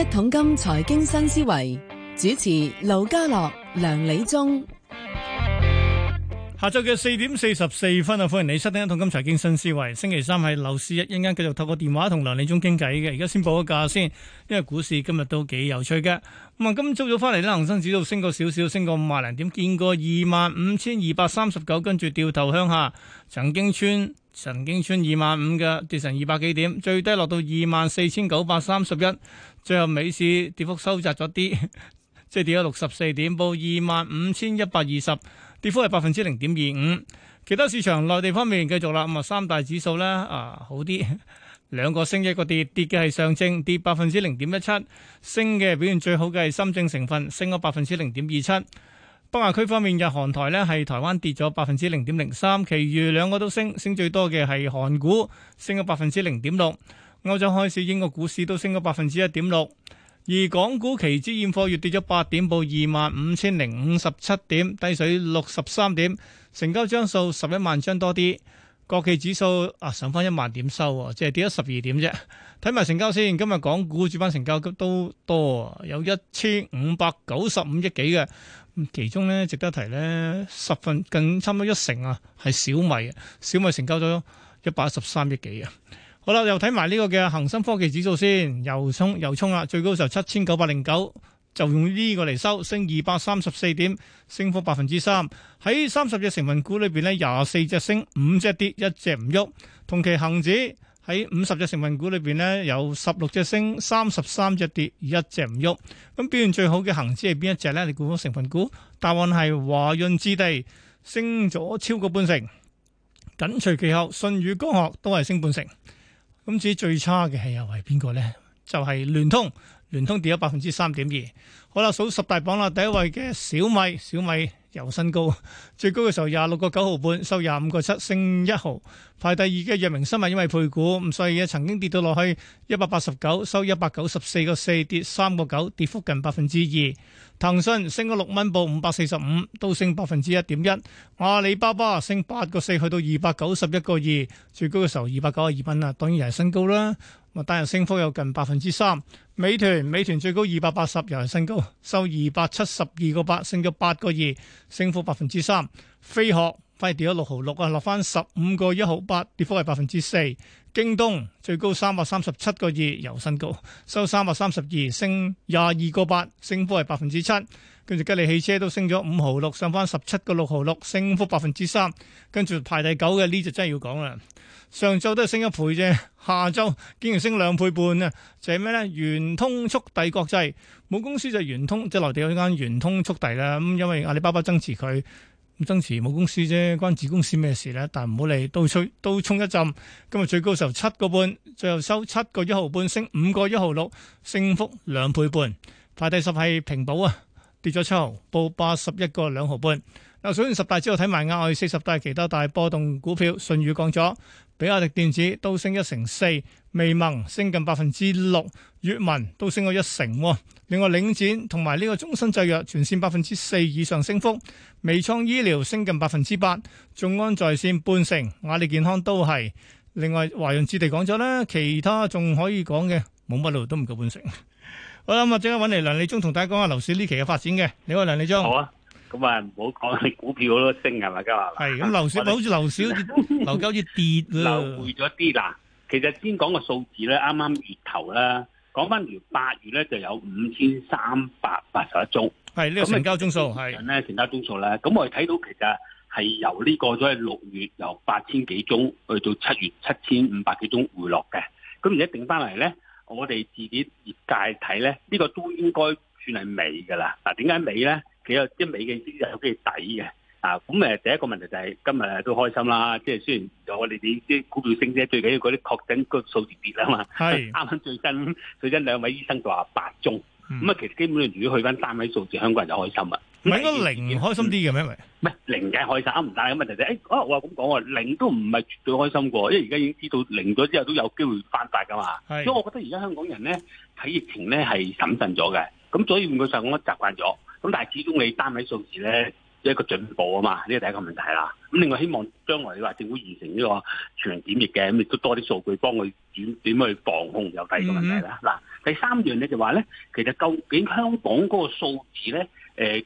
一桶金財經新思維，主持劉家樂、梁理中，下晝嘅四點四十四分啊，歡迎你收聽一桶金財經新思維。星期三係樓市，一陣間繼續透過電話同梁理中傾偈嘅。而家先報個價先，因為股市今日都幾有趣嘅。咁啊，今朝早翻嚟咧，恒生指數升過少少，升過五十零點，見過二萬五千二百三十九，跟住掉頭向下，曾經穿。曾經穿二萬五嘅，跌成二百幾點，最低落到二萬四千九百三十一，最後尾市跌幅收窄咗啲，即係跌咗六十四點，報二萬五千一百二十，跌幅係百分之零點二五。其他市場內地方面繼續啦，咁啊三大指數咧啊好啲，兩個升一個跌，跌嘅係上證跌百分之零點一七，升嘅表現最好嘅係深證成分升咗百分之零點二七。北亞區方面，日韓台呢，係台灣跌咗百分之零點零三，其餘兩個都升，升最多嘅係韓股，升咗百分之零點六。歐洲開市，英國股市都升咗百分之一點六，而港股期指現貨月跌咗八點，報二萬五千零五十七點，低水六十三點，成交張數十一萬張多啲。國企指數啊，上返一萬點收，即係跌咗十二點啫。睇埋成交先，今日港股主板成交都多，有一千五百九十五億幾嘅。其中咧值得提咧，十分更差唔多一成啊，係小米，小米成交咗一百一十三億幾啊。好啦，又睇埋呢個嘅恒生科技指數先，又衝又衝啦，最高係七千九百零九，就用呢個嚟收，升二百三十四點，升幅百分之三。喺三十隻成分股裏邊咧，廿四隻升，五隻跌，一隻唔喐。同期恒指喺五十隻成分股裏邊呢，有十六隻升，三十三隻跌，一隻唔喐。咁表現最好嘅恒指係邊一隻呢？你估到成分股答案係華潤置地升咗超過半成，緊隨其後信宇光學都係升半成。咁至於最差嘅係又係邊個呢？就係聯通，聯通跌咗百分之三點二。好啦，數十大榜啦，第一位嘅小米，小米。由新高，最高嘅時候廿六個九毫半，收廿五個七，升一毫。排第二嘅藥明生物，因為配股，咁所以曾經跌到落去一百八十九，9, 收一百九十四個四，跌三個九，跌幅近百分之二。騰訊升咗六蚊，報五百四十五，都升百分之一點一。阿里巴巴升八個四，去到二百九十一個二，最高嘅時候二百九十二蚊啦，當然又係新高啦。咁啊，單日升幅有近百分之三。美團，美團最高二百八十，由新高，收二百七十二個八，升咗八個二，升幅百分之三。飛鶴反而跌咗六毫六啊，落返十五個一毫八，跌幅係百分之四。京東最高三百三十七個二，由新高，收三百三十二，升廿二個八，升幅係百分之七。跟住吉利汽車都升咗五毫六，上翻十七個六毫六，升幅百分之三。跟住排第九嘅呢隻真係要講啦。上晝都係升一倍啫，下晝竟然升兩倍半啊！就係咩呢？圓通速遞國際母公司就係圓通，即係內地嗰間圓通速遞啦。咁因為阿里巴巴增持佢，增持母公司啫，關子公司咩事呢？但係唔好理，都沖都沖一浸。今日最高時候七個半，最後收七個一毫半，升五個一毫六，升幅兩倍半。排第十係平保啊。跌咗七毫，報八十一個兩毫半。嗱，所以十大之後睇埋額外四十大其他大波動股票，順宇降咗，比亞迪電子都升一成四，微盟升近百分之六，閱文都升咗一成。另外領展同埋呢個中生製藥全線百分之四以上升幅，微創醫療升近百分之八，眾安在線半成，阿里健康都係。另外華潤置地講咗啦，其他仲可以講嘅，冇乜路都唔夠半成。好啦，咁啊，即刻揾嚟梁理中同大家講下樓市呢期嘅發展嘅。你好，梁理中。好啊，咁啊，唔好講你股票嗰度升係嘛？家下。係咁，樓市咪好似樓市樓價好似跌啦，少少少 回咗啲啦。其實先講個數字咧，啱啱月頭咧，講翻條八月咧就有五千三百八十一宗，係呢、這個成交宗數係咁咧成交宗數咧。咁我哋睇到其實係由呢、這個咗係六月由八千幾宗去到七月七千五百幾宗回落嘅。咁而家定翻嚟咧。我哋自己業界睇咧，呢、這個都應該算係尾噶啦。嗱，點解尾咧？佢有啲尾嘅啲嘢有啲底嘅。啊，咁誒、啊嗯、第一個問題就係、是、今日都開心啦。即係雖然我哋啲啲股票升啫，最緊要嗰啲確診個數字跌啊嘛。係啱啱最新最新兩位醫生就話八宗，咁啊、嗯、其實基本上如果去翻單位數字，香港人就開心啦。唔係應該零開心啲嘅咩？唔係、嗯、為零嘅開心，唔得，個問題就係，誒、哎，我話咁講喎，零都唔係絕對開心過，因為而家已經知道零咗之後都有機會反彈噶嘛。的所以我覺得而家香港人咧睇疫情咧係審慎咗嘅，咁所以換句話講，我都習慣咗。咁但係始終你單位數字咧一個進步啊嘛，呢個第一個問題啦。咁另外希望將來你話政府完成呢個全人檢疫嘅，咁亦都多啲數據幫佢點點去防控，有第二個問題啦。嗱、嗯哼，第三樣你就話咧，其實究竟香港嗰個數字咧，誒、呃。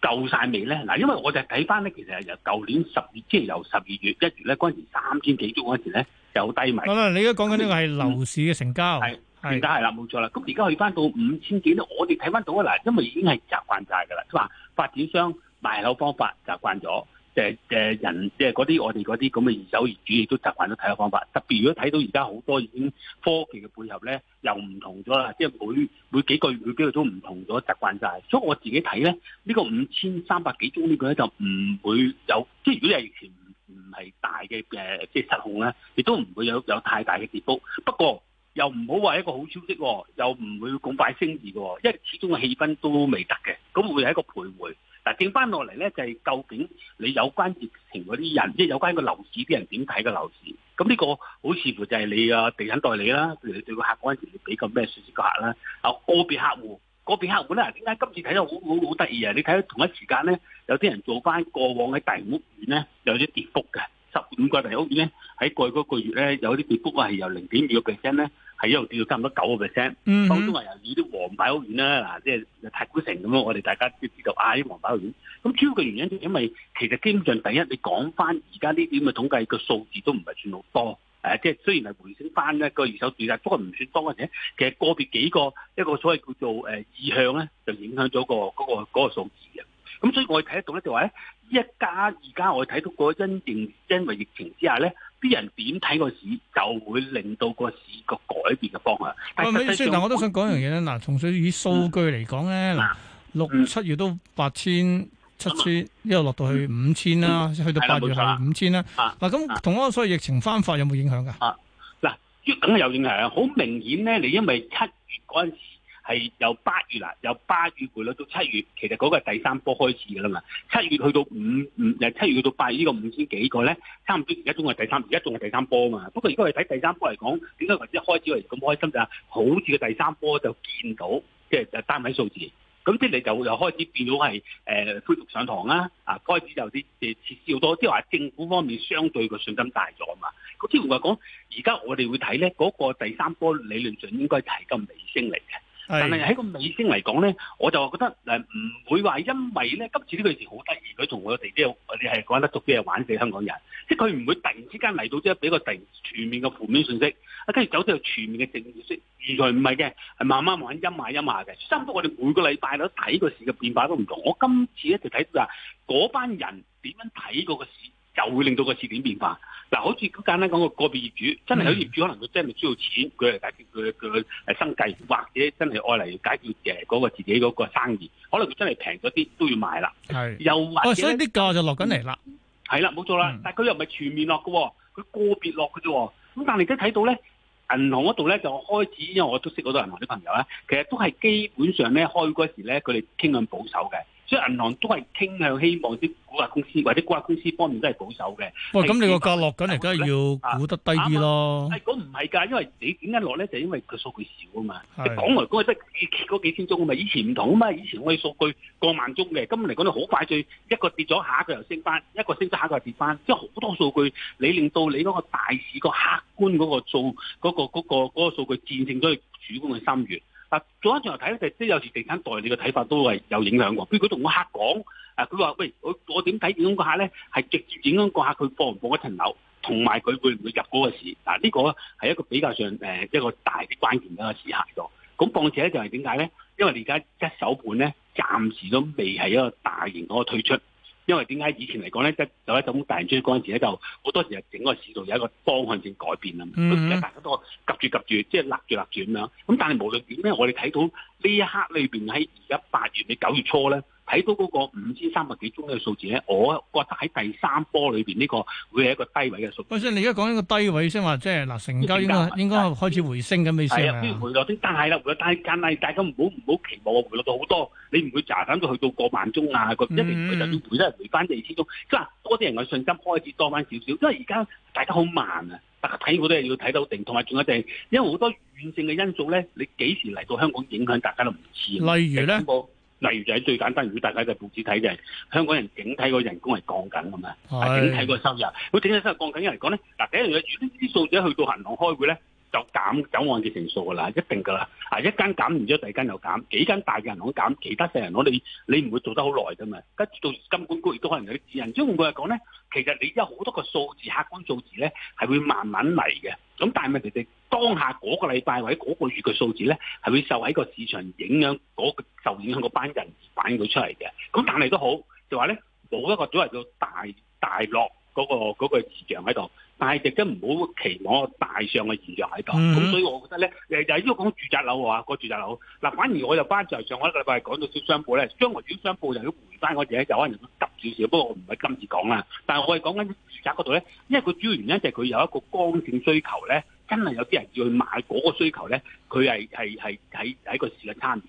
夠晒未咧？嗱，因為我就睇翻咧，其實由舊年十月，即係由十二月一月咧，嗰陣時三千幾宗嗰陣時咧，就好低迷。好啦、嗯，你而家講緊呢個係樓市嘅成交，係係、嗯，係啦是，冇錯啦。咁而家去翻到五千幾咧，我哋睇翻到啊，嗱，因為已經係習慣晒噶啦，即係話發展商賣樓方法習慣咗。誒誒人，即係嗰啲我哋嗰啲咁嘅二手業主，亦都習慣咗睇嘅方法。特別如果睇到而家好多已經科技嘅配合咧，又唔同咗啦，即係每每幾個月、每幾個月都唔同咗，習慣晒。所以我自己睇咧，呢個五千三百幾宗呢個咧就唔會有，即係如果你係疫情唔係大嘅誒，即係失控咧，亦都唔會有有太大嘅跌幅。不過又唔好話一個好消息，哦，又唔會咁快升市嘅，因為始終氣氛都未得嘅，咁會係一個徘徊。剩翻落嚟咧，就係、是、究竟你有關疫情嗰啲人，即係有關個樓市啲人點睇個樓市？咁呢個好似乎就係你啊地產代理啦，譬如你對個客嗰陣時，你俾個咩説客啦？啊個別客戶，個別客戶咧，點解今次睇到好、好、好得意啊？你睇到同一時間咧，有啲人做翻過往喺大屋苑咧有啲跌幅嘅，十五個大屋苑咧喺過去嗰個月咧有啲跌幅啊，係由零點二個 percent 咧。係一路跌差唔多九個 percent，當中啊又以啲黃牌屋苑啦，嗱即係太古城咁咯。我哋大家都知道啊，啲黃牌屋苑。咁主要嘅原因就因為其實基本上第一，你講翻而家呢點嘅統計個數字都唔係算好多，誒，即係雖然係回升翻咧個二手住宅，不過唔算多嘅嘢。其實個別幾個一個所謂叫做誒意向咧，就影響咗個嗰個嗰個數字嘅。咁所以我哋睇得到咧，就話咧，一家而家，我睇到果真因因為疫情之下咧。啲人點睇個市，就會令到個市個改變嘅方向。但係，但事嗱，我都想講一樣嘢咧。嗱，從純粹以數據嚟講咧，嗱、嗯，六、嗯、七月都八千、七千，一路落到去五千啦，去到八月係五千啦。嗱、啊，咁同嗰個所謂疫情翻發有冇影響㗎？啊，嗱，梗係有影響。好、啊啊啊、明顯咧，你因為七月嗰陣時。係由八月啦，由八月回落到七月，其實嗰個係第三波開始嘅啦嘛。七月去到五五，由七月去到八月呢、這個五千幾個咧，差唔多而家仲係第三，而家仲係第三波啊嘛。不過如果係睇第三波嚟講，點解頭先開始我哋咁開心就係好似個第三波就見到，即係就單位數字，咁即係就你又開始變咗係誒恢復上堂啦。啊，開始就有啲誒設施要多，即係話政府方面相對個信心大咗啊嘛。咁即係話講，而家我哋會睇咧嗰個第三波理論上應該係咁尾升嚟嘅。是但係喺個尾聲嚟講咧，我就覺得誒唔會話因為咧今次呢個事好得意，佢同我哋啲，你係講得足啲係玩死香港人，即係佢唔會突然之間嚟到即係俾個突全面嘅負面信息，啊跟住走咗去全面嘅正面信息，完全唔係嘅，係慢慢玩陰下陰下嘅。差唔多我哋每個禮拜都睇個市嘅變化都唔同，我今次咧就睇到話嗰班人點樣睇嗰個市，就會令到個市點變化。嗱，好似簡單講個個別業主，真係有業主可能佢真係需要錢，佢嚟解決佢佢誒生計，或者真係愛嚟解決誒嗰個自己嗰個生意，可能佢真係平咗啲都要買啦。係是，又或者啲價、哦、就落緊嚟啦。係啦，冇錯啦、嗯，但係佢又唔係全面落嘅，佢個別落嘅啫。咁但你而家睇到咧，銀行嗰度咧就開始，因為我都識好多銀行啲朋友咧，其實都係基本上咧開嗰時咧，佢哋傾向保守嘅。所以銀行都係傾向希望啲估價公司或者估價公司方面都係保守嘅。哇！咁你個價落緊嚟，梗係要估得低啲咯。係，咁唔係㗎，因為你點解落咧？就係因為佢數據少啊嘛。你講是的 來講去都嗰幾千宗，啊嘛。以前唔同啊嘛。以前我哋數據過萬宗嘅，今日嚟講，你好快脆，一個跌咗，下一個又升翻，一個升咗，下一個又跌翻，即係好多數據，你令到你嗰個大市個客觀嗰個數嗰個嗰個嗰個數據見證咗佢主觀嘅心願。嗱，左一隻嚟睇咧，就即係有時地產代理嘅睇法都係有影響喎。譬如佢同個客講，啊，佢話喂，我我點睇點樣個客咧，係直接影響個客佢放唔放一層樓，同埋佢會唔會入嗰個市。嗱、啊，呢、這個係一個比較上誒、呃、一個大嘅關鍵嘅一個時限度。咁況且咧，就係點解咧？因為而家一手盤咧，暫時都未係一個大型嗰個推出。因為點解以前嚟講咧，一有咁大環境嗰陣時咧，就好多時係整個市道有一個方向性改變啊！咁而家大家都夾住夾住，即係立住立住咁樣。咁但係無論點咧，我哋睇到呢一刻裏邊喺而家八月尾九月初咧。睇到嗰個五千三百幾宗嘅數字咧，我覺得喺第三波裏邊呢個會係一個低位嘅數字。先生，你而家講一個低位先話，即係嗱成交應該應該開始回升咁嘅意思係啊回但，回落升大啦，但係大家唔好唔好期望回落到好多，你唔會喳喳到去到過萬宗啊嗰啲，佢、嗯、就要回得回翻二千宗。即係多啲人嘅信心開始多翻少少，因為而家大家好慢啊，大家睇好多嘢要睇到定，同埋仲有就係因為好多遠性嘅因素咧，你幾時嚟到香港影響大家都唔知。例如咧？例如就係最簡單，如果大家嘅報紙睇就係香港人整體個人工係降緊㗎嘛，啊的整體個收入，咁整體收入降緊嘅嚟講咧，嗱第一樣嘢，如果啲數者去到銀行開會咧。就減走按嘅成數噶啦，一定噶啦，啊一間減完咗，第二間又減，幾間大嘅銀行減，其他細銀行你你唔會做得好耐噶嘛，跟住到金管局亦都可能有啲指引。換句話嚟講咧，其實你有好多個數字，客觀數字咧係會慢慢嚟嘅。咁但係問題係當下嗰個禮拜或者嗰個月嘅數字咧係會受喺個市場影響嗰、嗰個受影響嗰班人反映到出嚟嘅。咁但係都好就話咧冇一個所謂叫大大落嗰、嗰個嗰、嗰個現象喺度。但係，亦都唔好期望個大上嘅現象喺度，咁所以我覺得咧，誒就係因為講住宅樓嘅話，個住宅樓嗱，反而我就翻就係上個禮拜講到小商鋪咧，將來小商鋪又要回翻我哋，就可能急少少，不過我唔係今次講啦，但係我係講緊住宅嗰度咧，因為佢主要原因就係佢有一個剛性需求咧，真係有啲人要去買嗰個需求咧，佢係係係喺喺個市嘅差別。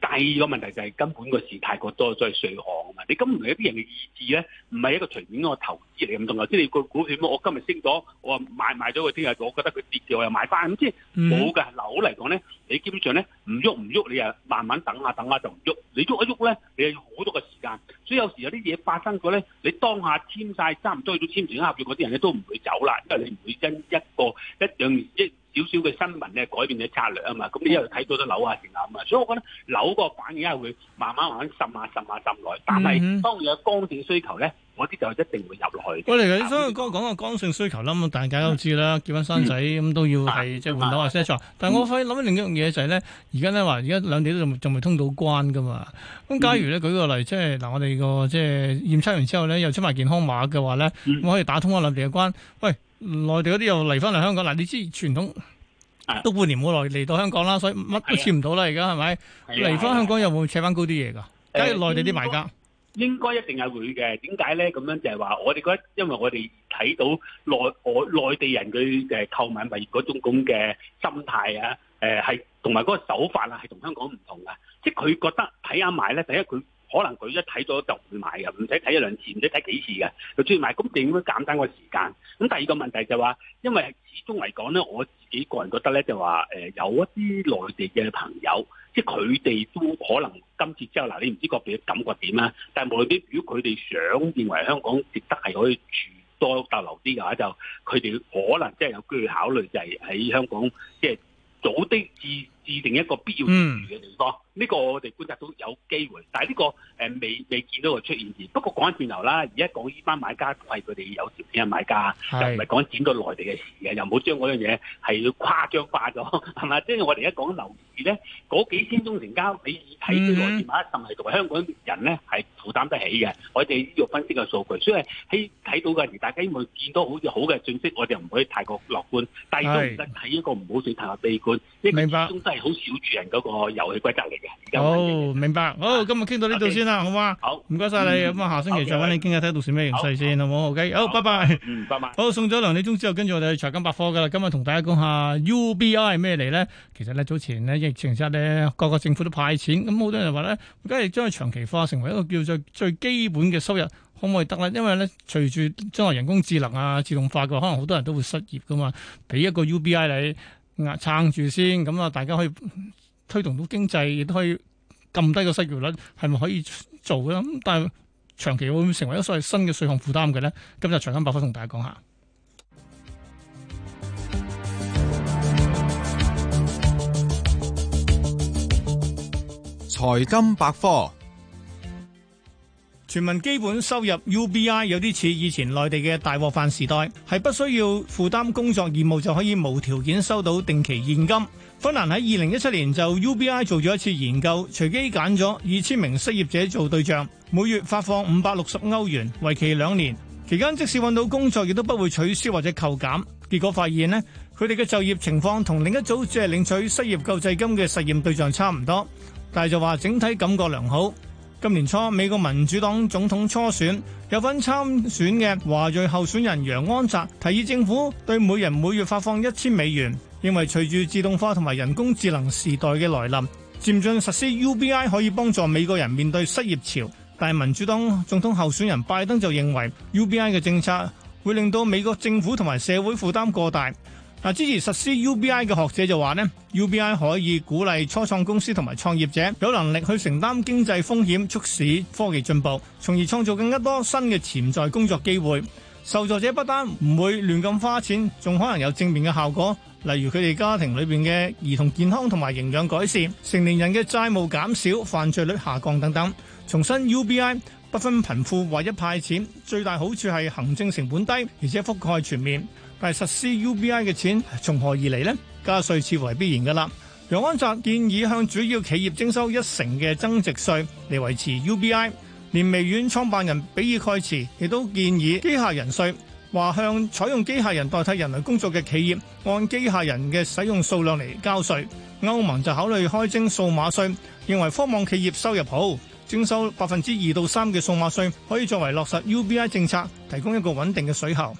第二個問題就係、是、根本個事太過多，再稅項啊嘛。你根本唔係一啲人嘅意志咧，唔係一個隨便一個投資嚟咁同要。即係你個股票我今日升咗，我賣賣咗佢，聽日，我覺得佢跌嘅我又買翻。咁即係冇嘅樓嚟講咧，你基本上咧唔喐唔喐，你又慢慢等下等下就唔喐。你喐一喐咧，你又要好多個時間。所以有時有啲嘢發生過咧，你當下簽晒，揸唔揸到簽署合約嗰啲人咧都唔會走啦，因為你唔會因一個一樣。一少少嘅新聞咧，改變咗策略啊嘛，咁、嗯、你又睇到咗樓啊成啊嘛，所以我覺得樓個反應係會慢慢慢慢滲下滲下滲下滲落，但係當有剛性需求咧，嗰啲就一定會入落去。我哋頭先阿哥講嘅剛性需求啦，咁、嗯、大家都知啦，結婚生仔咁、嗯、都要係即係換樓 啊,啊 s e 但係我反而諗緊另一樣嘢就係、是、咧，而家咧話而家兩地都仲仲未通到關噶嘛。咁假如咧舉個例，即係嗱我哋、那個即係驗測完之後咧，又出埋健康碼嘅話咧，咁可以打通咗兩地嘅關。喂、嗯。內地嗰啲又嚟翻嚟香港，嗱你知傳統都半年冇嚟嚟到香港啦，所以乜都切唔到啦，而家係咪？嚟翻香港又會扯翻高啲嘢噶？梗係內地啲買家應該一定係會嘅。點解咧？咁樣就係話我哋覺得，因為我哋睇到內外內地人佢誒購買物業嗰種咁嘅心態啊，誒係同埋嗰個手法啊，係同香港唔同嘅，即係佢覺得睇吓買咧，第一佢。可能佢一睇咗就會買嘅，唔使睇一兩次，唔使睇幾次嘅就中意買。咁點樣減翻個時間？咁第二個問題就話、係，因為始終嚟講咧，我自己個人覺得咧，就話誒有一啲內地嘅朋友，即係佢哋都可能今次之後，嗱你唔知個別感覺點啦。但係無論啲，如果佢哋想認為香港值得係可以住多逗留啲嘅話，就佢哋可能真係有機會考慮就係喺香港即係早啲至。制、嗯、定一個必要之餘嘅地方，呢、這個我哋觀察到有機會，但係、這、呢個誒、呃、未未見到佢出現字。不過講翻轉頭啦，而家講呢班買家都係佢哋有條件嘅買家，買家是又唔係講剪到內地嘅事嘅，又唔好將嗰樣嘢係誇張化咗，係咪？即係我哋而家講樓市咧，嗰幾千宗成交你睇啲內地買，嗯、甚至同埋香港人咧係負擔得起嘅。我哋呢要分析嘅數據，所以喺睇到嗰陣時大家要見到好似好嘅信息，我哋唔可以太過樂觀，但係都唔得睇一個唔好算太過悲觀。是明白。好少住人嗰個遊戲規則嚟嘅。好、oh, 明白，好，今日傾到呢度先啦，好唔好？好，唔該晒你。咁啊、嗯，下星期再搵你傾下，睇到時咩形勢先，嗯 okay, 嗯、好唔好？OK 好，拜拜。拜拜。嗯、bye bye 好，送咗梁理中之後，跟住我哋去財金百科噶啦。今日同大家講下 UBI 係咩嚟咧？其實咧早前咧疫情之下咧，各個政府都派錢，咁、嗯、好多人都話咧，梗係將佢長期化，成為一個叫做最基本嘅收入，可唔可以得咧？因為咧，隨住將來人工智能啊、自動化嘅話，可能好多人都會失業噶嘛，俾一個 UBI 你。撐住先，咁啊，大家可以推動到經濟，亦都可以撳低個失業率，係咪可以做咧？咁但係長期會唔會成為一所謂新嘅稅項負擔嘅咧？今日財金百科同大家講下。財金百科。全民基本收入 UBI 有啲似以前內地嘅大鍋飯時代，係不需要負擔工作義務就可以無條件收到定期現金。芬蘭喺二零一七年就 UBI 做咗一次研究，隨機揀咗二千名失業者做對象，每月發放五百六十歐元，為期兩年。期間即使揾到工作亦都不會取消或者扣減。結果發現呢，佢哋嘅就業情況同另一組只係領取失業救濟金嘅實驗對象差唔多，但係就話整體感覺良好。今年初，美國民主黨總統初選有份參選嘅華裔候選人楊安澤提議政府對每人每月發放一千美元，認為隨住自動化同埋人工智能時代嘅來臨，漸進實施 UBI 可以幫助美國人面對失業潮。但民主黨總統候選人拜登就認為 UBI 嘅政策會令到美國政府同埋社會負擔過大。嗱，支持實施 UBI 嘅學者就話呢，UBI 可以鼓勵初創公司同埋創業者有能力去承擔經濟風險，促使科技進步，從而創造更加多新嘅潛在工作機會。受助者不單唔會亂咁花錢，仲可能有正面嘅效果，例如佢哋家庭裏邊嘅兒童健康同埋營養改善，成年人嘅債務減少、犯罪率下降等等。重新 UBI 不分貧富，或一派錢，最大好處係行政成本低，而且覆蓋全面。但係實施 UBI 嘅錢從何而嚟呢？加稅似乎係必然嘅啦。楊安澤建議向主要企業徵收一成嘅增值稅嚟維持 UBI。連微軟創辦人比爾蓋茨亦都建議機械人稅，話向採用機械人代替人類工作嘅企業按機械人嘅使用數量嚟交稅。歐盟就考慮開徵數碼稅，認為科網企業收入好，徵收百分之二到三嘅數碼稅可以作為落實 UBI 政策提供一個穩定嘅水喉。